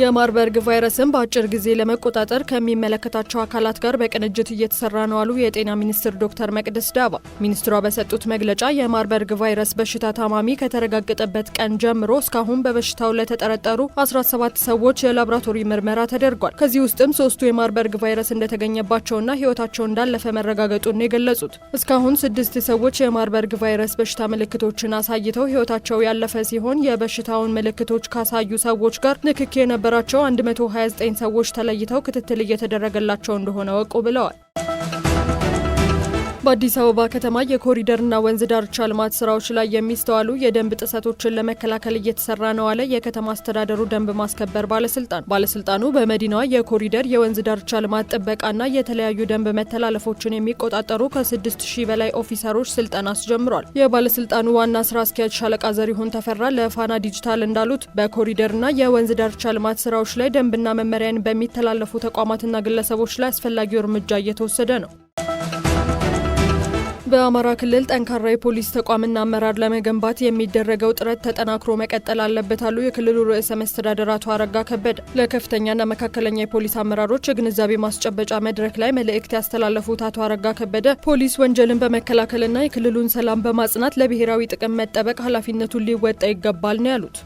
የማርበርግ ቫይረስን በአጭር ጊዜ ለመቆጣጠር ከሚመለከታቸው አካላት ጋር በቅንጅት እየተሰራ ነው አሉ የጤና ሚኒስትር ዶክተር መቅደስ ዳባ። ሚኒስትሯ በሰጡት መግለጫ የማርበርግ ቫይረስ በሽታ ታማሚ ከተረጋገጠበት ቀን ጀምሮ እስካሁን በበሽታው ለተጠረጠሩ 17 ሰዎች የላብራቶሪ ምርመራ ተደርጓል። ከዚህ ውስጥም ሶስቱ የማርበርግ ቫይረስ እንደተገኘባቸውና ህይወታቸው እንዳለፈ መረጋገጡን የገለጹት እስካሁን ስድስት ሰዎች የማርበርግ ቫይረስ በሽታ ምልክቶችን አሳይተው ህይወታቸው ያለፈ ሲሆን የበሽታውን ምልክቶች ካሳዩ ሰዎች ጋር ንክክ የነበራቸው 129 ሰዎች ተለይተው ክትትል እየተደረገላቸው እንደሆነ ወቁ ብለዋል። በአዲስ አበባ ከተማ የኮሪደርና ወንዝ ዳርቻ ልማት ስራዎች ላይ የሚስተዋሉ የደንብ ጥሰቶችን ለመከላከል እየተሰራ ነው አለ የከተማ አስተዳደሩ ደንብ ማስከበር ባለስልጣን። ባለስልጣኑ በመዲናዋ የኮሪደር የወንዝ ዳርቻ ልማት ጥበቃና የተለያዩ ደንብ መተላለፎችን የሚቆጣጠሩ ከ6 ሺህ በላይ ኦፊሰሮች ስልጠና አስጀምሯል። የባለስልጣኑ ዋና ስራ አስኪያጅ ሻለቃ ዘሪሁን ተፈራ ለፋና ዲጂታል እንዳሉት በኮሪደርና የወንዝ ዳርቻ ልማት ስራዎች ላይ ደንብና መመሪያን በሚተላለፉ ተቋማትና ግለሰቦች ላይ አስፈላጊው እርምጃ እየተወሰደ ነው። በአማራ ክልል ጠንካራ የፖሊስ ተቋምና አመራር ለመገንባት የሚደረገው ጥረት ተጠናክሮ መቀጠል አለበት አሉ የክልሉ ርዕሰ መስተዳደር አቶ አረጋ ከበደ። ለከፍተኛና መካከለኛ የፖሊስ አመራሮች የግንዛቤ ማስጨበጫ መድረክ ላይ መልእክት ያስተላለፉት አቶ አረጋ ከበደ ፖሊስ ወንጀልን በመከላከልና የክልሉን ሰላም በማጽናት ለብሔራዊ ጥቅም መጠበቅ ኃላፊነቱን ሊወጣ ይገባል ነው ያሉት።